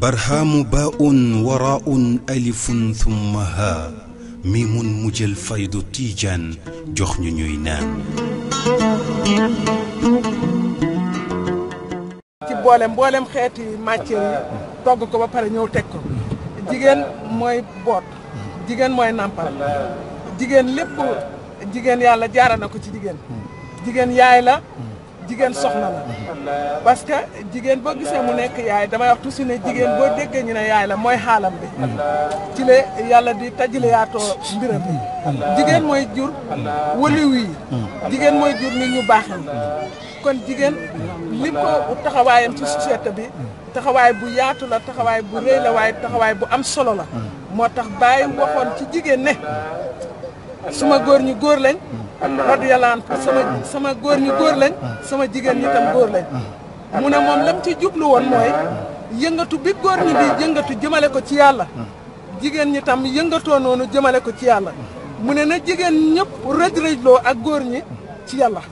barhaamu baa'un waraa'un alifun mu jël faydu tiijaan ñu ñuy ci boolem xeeti matière yi togg ko ba pare ñëw teg ko jigéen mooy boot jigéen mooy nàmpal jigéen lépp jigéen yàlla jaara na ko ci jigéen jigéen yaay la. jigéen soxna la parce que jigéen boo gisee mu nekk yaay damay wax toujours ne jigéen boo déggee ñu ne yaay la mooy xaalam bi ci la yàlla di tajale yaatoo mbiram bi jigéen mooy jur waliw yi jigéen mooy jur nit ñu baax ñi kon jigéen li ko taxawaayam ci société bi taxawaay bu yaatu la taxawaay bu rëy la waaye taxawaay bu am solo la moo tax bàyyi waxoon ci jigéen ne suma góor ñi góor lañ radiyallahu anhu sama sama góor ñi góor lañ sama jigéen ñi tam góor lañ moom lam ci jublu woon mooy yëngatu bi góor ñi di yëngatu jëmale ko ci yàlla jigéen ñi tam yëngatoo noonu jëmale ko ci yàlla mu ne na jigéen ñëpp rëj-rëjloo ak góor ñi ci yàlla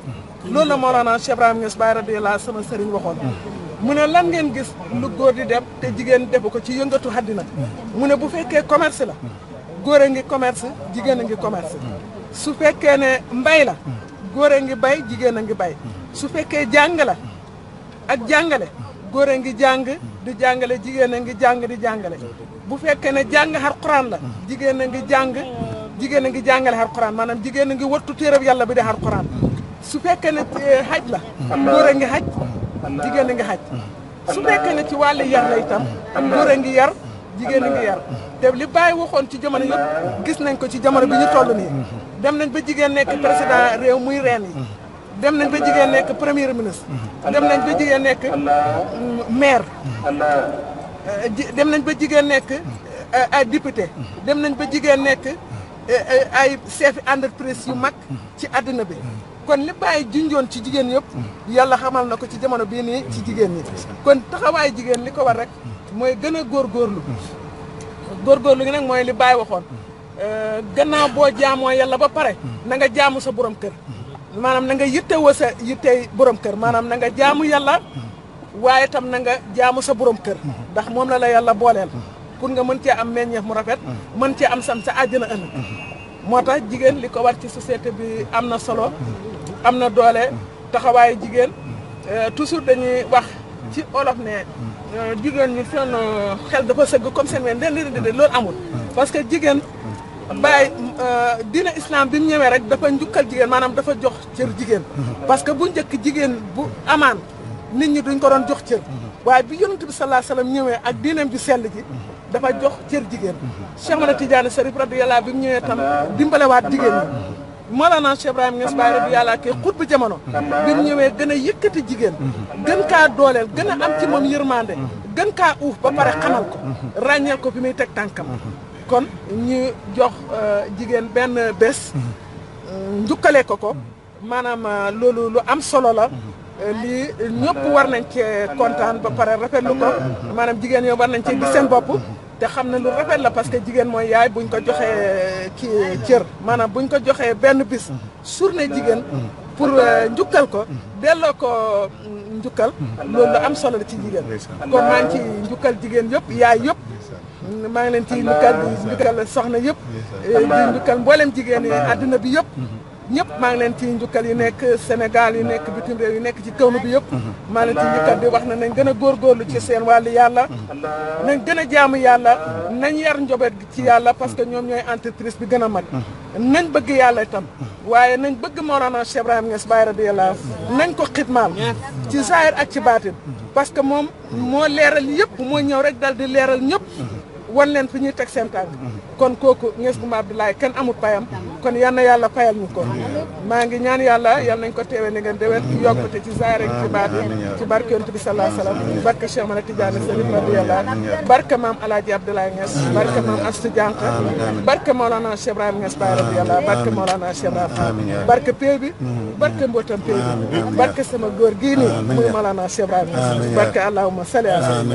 loolu la Mawlana Cheikh Ibrahima Niass sama sëriñ waxoon mu ne lan ngeen gis lu góor di def te jigéen defu ko ci yëngatu àddina mu ne bu fekkee commerce la góor a ngi commerce jigéen a ngi commerce su fekkee ne mbay la góor a ngi bay jigéen a ngi bay su fekkee jàng la ak jàngale góor a ngi jàng di jàngale jigéen a ngi jàng di jàngale bu fekkee ne jàng Alxuraan la jigéen a ngi jàng jigéen a ngi jàngale Alxuraan maanaam jigéen a ngi wattu téereb yàlla bi di Alxuraan su fekkee ne xaj la góor a ngi xaj jigéen a ngi xaj su fekkee ne ci wàllu yar la itam góor a ngi yar jigéen a ngi yar te li bàyyi waxoon ci jamono yëpp gis nañ ko ci jamono bi ñu toll dem nañ ba jigéen nekk président réew muy reen yi dem nañ ba jigéen nekk premier ministre dem nañ ba jigéen nekk mm, maire euh, dem nañ ba jigéen nekk euh, ay député dem nañ ba jigéen nekk euh, ay chef entreprise yu mag ci àddina bi kon li bàyyi junjoon ci jigéen yëpp yàlla xamal na ko ci jamono bii nii ci jigéen ñi kon taxawaay jigéen li ko war rek mooy gën a góor góorgóorlu góor gi nag mooy li bàyyi waxoon Euh, gannaaw boo jaamoo yàlla ba pare hmm. na nga jaamu sa borom kër maanaam na nga yittewoo sa yittey borom kër maanaam na nga jaamu yàlla hmm. waaye tam na nga jaamu sa borom kër hmm. ndax moom la la yàlla booleel pour nga mën cee am meññeef mu rafet mën cee am sam sa àjjana ëllëg moo tax jigéen li ko war ci société bi am na solo am na doole taxawaayu jigéen euh, toujours dañuy wax ci olof ne euh, jigéen ñi seen xel dafa sëgg comme seen ween den de loolu amul parce que jigéen bàyyi euh, diine islam bi mu ñëwee rek dafa njukkal jigéen maanaam dafa jox cër jigéen parce que bu njëkk jigéen bu amaan nit ñi duñ ko doon jox cër waaye bi yonent bi sallallahu alayhi wasallam ñëwee ak diineem ju sell ji dafa jox cër jigéen Cheikh Mada Tidiane Chérif radiyallahu bi mu ñëwee tam dimbalewaat jigéen ñi Mawlana Cheikh Ibrahima Niass Baye rabi yàlla kay xut bu jamono bi mu ñëwee gën a yëkkati jigéen gën kaa dooleel gën a am ci moom yërmande gën kaa uuf ba pare xamal ko ràññeel ko muy teg tànkam kon ñu jox euh, jigéen benn bés. Mm-hmm. njukkale ko ko. Mm-hmm. maanaam euh, loolu lu am solo la. Mm-hmm. Euh, lii ñëpp war nañ cee kontaan ba pare rafetlu ko maanaam jigéen ñoom war nañ cee gis seen bopp te xam ne lu rafet la parce que jigéen mooy yaay buñ ko joxee kii cër maanaam buñ ko joxee benn bis journée jigéen pour njukkal ko benn ko mm, njukkal loolu lu am solo la ci jigéen kon maa ci njukkal jigéen yëpp yaay yëpp maa ngi leen ciy ndukkal di soxna yëpp eh, di ndukkal mboolem jigéen yi àdduna bi yëpp mm-hmm. ñëpp maa ngi leen ciy njukkal yi nekk Sénégal yi nekk bitim réew yi nekk ci kawnu bi yëpp mm-hmm. maa ngi leen ciy njukkal di wax na nañ gën a góorgóorlu ci seen mm-hmm. wàllu yàlla nañ gën a jaamu yàlla nañ yar njaboot gi ci yàlla parce que ñoom ñooy entreprise bi gën a mag nañ bëgg yàlla itam waaye nañ bëgg Mawlana Cheikh Ibrahima Niass Baye radiyallahu nañ ko xitmaal ci zahir ak ci baatin parce que moom moo leeral yëpp moo ñëw rek dal di leeral ñëpp wan leen fi ñuy teg seen mhm. kon kooku Nges Gouma Abdoulaye kenn amul payam kon yan na yàlla fayal ñu ko maa ngi ñaan yàlla yal nañ ko teewee ni ngeen déwén yokkute ci zaare ci baat ci barke yonent bi salaa salaam barke Cheikh Mala Tidiane Sëriñ radiyallahu anhu barke maam Alaaji Abdoulaye Niass barke maam Astou barke Maolana Cheikh Ibrahima Niass Baye radiyallahu barke Maolana Cheikh Ibrahima barke barke sama góor muy Maolana Cheikh Ibrahima Niass barke allahumma salli ala